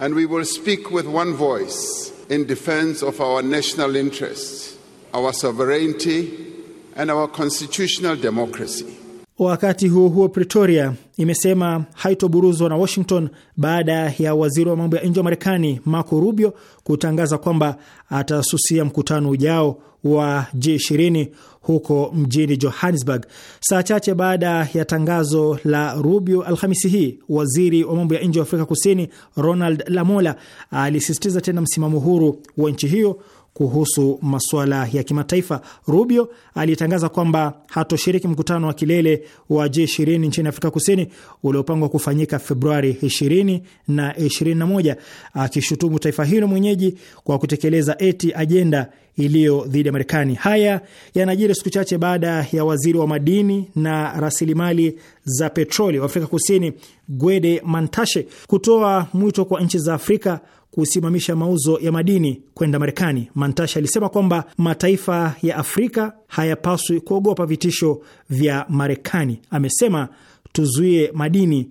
and we will speak with one voice in defense of our national interests, our sovereignty, and our constitutional democracy. Wakati huo huo, Pretoria imesema haitoburuzwa na Washington baada ya waziri wa mambo ya nje wa Marekani Marco Rubio kutangaza kwamba atasusia mkutano ujao wa G20 huko mjini Johannesburg. Saa chache baada ya tangazo la Rubio Alhamisi hii, waziri wa mambo ya nje wa Afrika Kusini Ronald Lamola alisisitiza tena msimamo huru wa nchi hiyo kuhusu masuala ya kimataifa. Rubio alitangaza kwamba hatoshiriki mkutano wa kilele wa G20 nchini Afrika Kusini uliopangwa kufanyika Februari 20 na 21, akishutumu taifa hilo mwenyeji kwa kutekeleza eti ajenda iliyo dhidi ya Marekani. Haya yanajiri siku chache baada ya waziri wa madini na rasilimali za petroli wa Afrika Kusini Gwede Mantashe kutoa mwito kwa nchi za Afrika kusimamisha mauzo ya madini kwenda Marekani. Mantasha alisema kwamba mataifa ya Afrika hayapaswi kuogopa vitisho vya Marekani. Amesema tuzuie madini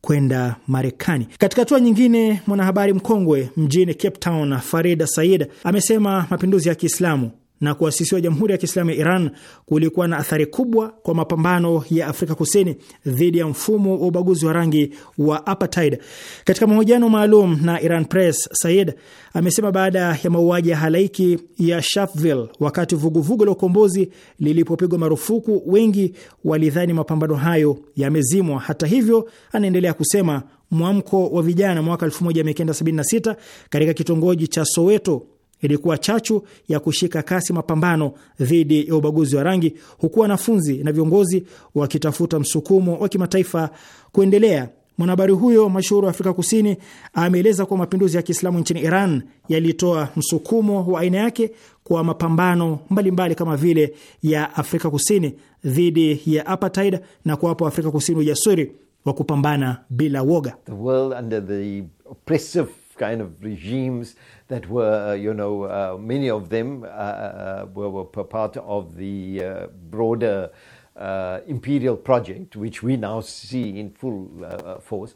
kwenda Marekani. Katika hatua nyingine, mwanahabari mkongwe mjini Cape Town Farida Said amesema mapinduzi ya Kiislamu na kuasisiwa Jamhuri ya Kiislamu ya Iran kulikuwa na athari kubwa kwa mapambano ya Afrika Kusini dhidi ya mfumo wa ubaguzi wa rangi wa apartheid. Katika mahojiano maalum na Iran Press, Said amesema baada ya mauaji ya halaiki ya Sharpeville, wakati vuguvugu la ukombozi lilipopigwa marufuku, wengi walidhani mapambano hayo yamezimwa. Hata hivyo, anaendelea kusema mwamko wa vijana mwaka 1976 katika kitongoji cha Soweto ilikuwa chachu ya kushika kasi mapambano dhidi ya ubaguzi wa rangi, huku wanafunzi na viongozi wakitafuta msukumo wa kimataifa kuendelea. Mwanahabari huyo mashuhuri wa Afrika Kusini ameeleza kuwa mapinduzi ya Kiislamu nchini Iran yalitoa msukumo wa aina yake kwa mapambano mbalimbali mbali kama vile ya Afrika Kusini dhidi ya apartheid na kuwapa Afrika Kusini ujasiri wa kupambana bila woga The world under the kind of regimes that were, uh, you know, uh, many of them uh, uh, uh were, were part of the uh, broader imperial project, which we now see in full force.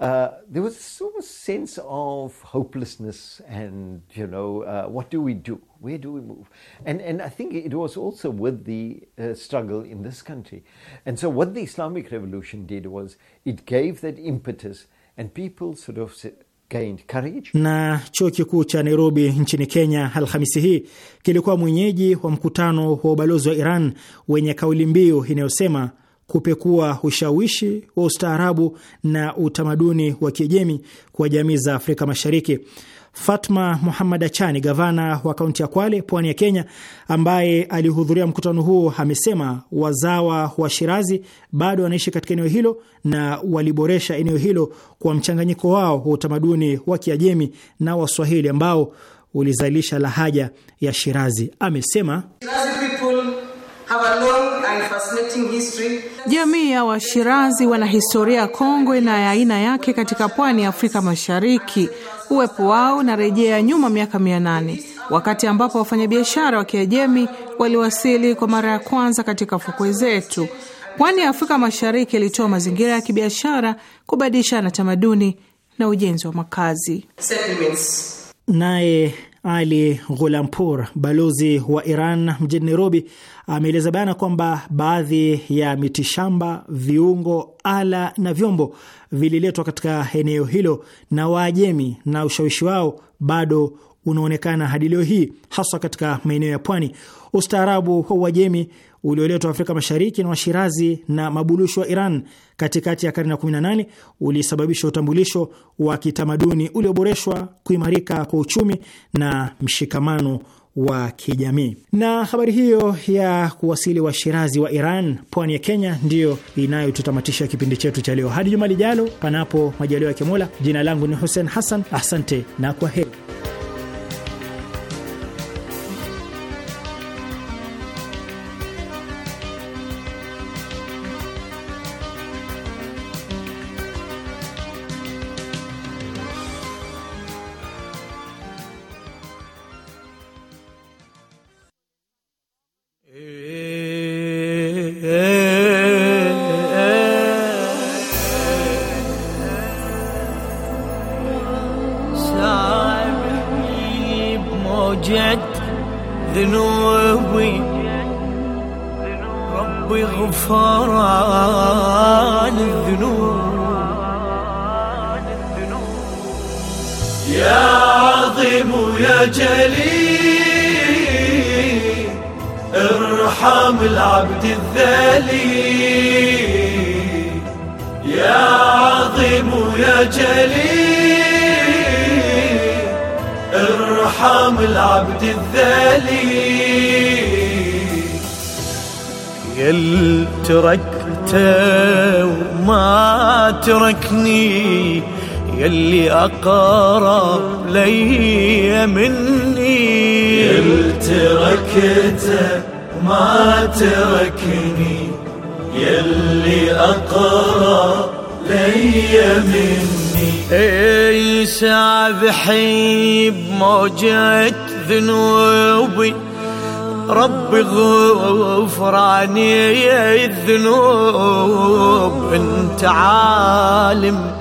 there was sort of sense of hopelessness and, you know, what do we do? Where do we move? And, and I think it was also with the struggle in this country. And so, what the Islamic Revolution did was it gave that impetus, and people sort of said, Na chuo kikuu cha Nairobi nchini Kenya Alhamisi hii kilikuwa mwenyeji wa mkutano wa ubalozi wa Iran wenye kauli mbiu inayosema kupekua ushawishi wa ustaarabu na utamaduni wa Kiajemi kwa jamii za Afrika Mashariki. Fatma Muhammad Achani, gavana wa kaunti ya Kwale, pwani ya Kenya, ambaye alihudhuria mkutano huo, amesema wazawa wa Shirazi bado wanaishi katika eneo hilo na waliboresha eneo hilo kwa mchanganyiko wao wa utamaduni wa Kiajemi na Waswahili ambao ulizalisha lahaja ya Shirazi. Amesema Shirazi people have a long Jamii ya Washirazi wana historia kongwe na ya aina yake katika pwani ya Afrika Mashariki. Uwepo wao unarejea nyuma miaka mia nane wakati ambapo wafanyabiashara wa Kiajemi waliwasili kwa mara ya kwanza katika fukwe zetu. Pwani ya Afrika Mashariki ilitoa mazingira ya kibiashara, kubadilishana tamaduni na ujenzi wa makazi. Naye ali Ghulampur, balozi wa Iran mjini Nairobi, ameeleza bayana kwamba baadhi ya mitishamba, viungo, ala na vyombo vililetwa katika eneo hilo na Waajemi na ushawishi wao bado unaonekana hadi leo hii, haswa katika maeneo ya pwani. Ustaarabu wa Uajemi ulioletwa Afrika Mashariki na Washirazi na mabulushi wa Iran katikati ya karne ya 18 ulisababisha utambulisho wa kitamaduni ulioboreshwa, kuimarika kwa uchumi na mshikamano wa kijamii. Na habari hiyo ya kuwasili Washirazi wa Iran pwani ya Kenya ndiyo inayotutamatisha kipindi chetu cha leo. Hadi juma lijalo, panapo majaliwa ya Kimola. Jina langu ni Hussein Hassan, asante na kwa heri. ارحم العبد الذليل يا عظيم يا جليل ارحم العبد الذليل يل تركته وما تركني يلي أقرب لي مني يل تركته ما تركني يلي أقرأ لي مني اي حيب بموجة ذنوبي ربي غفراني الذنوب انت عالم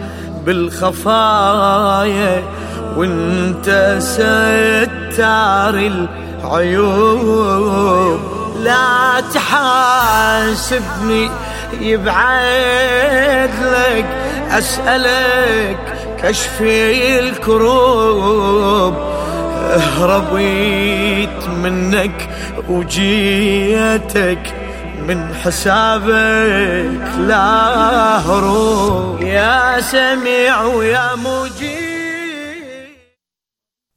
بالخفايا وانت ستار العيوب لا تحاسبني يبعد لك أسألك كشفي الكروب هربيت منك وجيتك من حسابك لا هروب يا سميع ويا مجيب